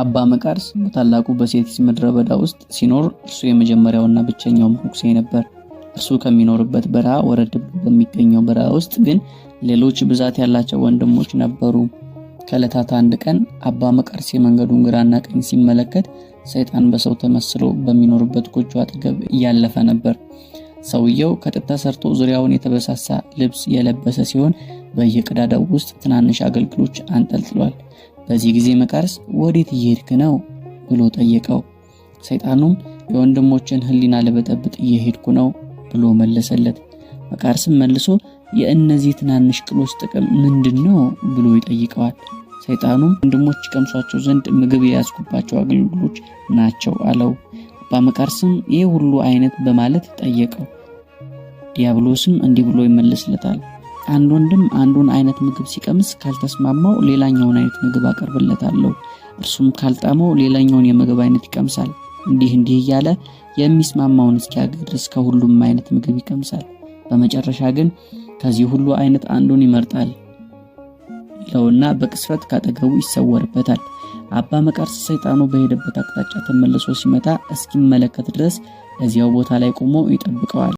አባ መቃርስ በታላቁ በሴቲስ ምድረ በዳ ውስጥ ሲኖር እርሱ የመጀመሪያውና ብቸኛው መነኩሴ ነበር። እርሱ ከሚኖርበት በረሃ ወረድ በሚገኘው በረሃ ውስጥ ግን ሌሎች ብዛት ያላቸው ወንድሞች ነበሩ። ከዕለታት አንድ ቀን አባ መቃርስ የመንገዱን ግራና ቀኝ ሲመለከት ሰይጣን በሰው ተመስሎ በሚኖርበት ጎጆ አጠገብ እያለፈ ነበር። ሰውየው ከጥጥ ተሰርቶ ዙሪያውን የተበሳሳ ልብስ የለበሰ ሲሆን በየቀዳዳው ውስጥ ትናንሽ አገልግሎች አንጠልጥሏል። በዚህ ጊዜ መቃርስ ወዴት እየሄድክ ነው ብሎ ጠየቀው። ሰይጣኑም የወንድሞችን ህሊና ለበጠብጥ እየሄድኩ ነው ብሎ መለሰለት። መቃርስም መልሶ የእነዚህ ትናንሽ ቅሎች ጥቅም ምንድን ነው ብሎ ይጠይቀዋል። ሰይጣኑም ወንድሞች ቀምሷቸው ዘንድ ምግብ የያዝኩባቸው አገልግሎች ናቸው አለው። አባ መቃርስም ይህ ሁሉ አይነት በማለት ጠየቀው። ዲያብሎስም እንዲህ ብሎ ይመለስለታል። አንድ ወንድም አንዱን አይነት ምግብ ሲቀምስ ካልተስማማው ሌላኛውን አይነት ምግብ አቀርብለታለሁ። እርሱም ካልጣመው ሌላኛውን የምግብ አይነት ይቀምሳል። እንዲህ እንዲህ እያለ የሚስማማውን እስኪያገኝ ድረስ ከሁሉም አይነት ምግብ ይቀምሳል። በመጨረሻ ግን ከዚህ ሁሉ አይነት አንዱን ይመርጣል ይለውና በቅስፈት ካጠገቡ ይሰወርበታል። አባ መቃርስ ሰይጣኑ በሄደበት አቅጣጫ ተመልሶ ሲመጣ እስኪመለከት ድረስ እዚያው ቦታ ላይ ቆሞ ይጠብቀዋል።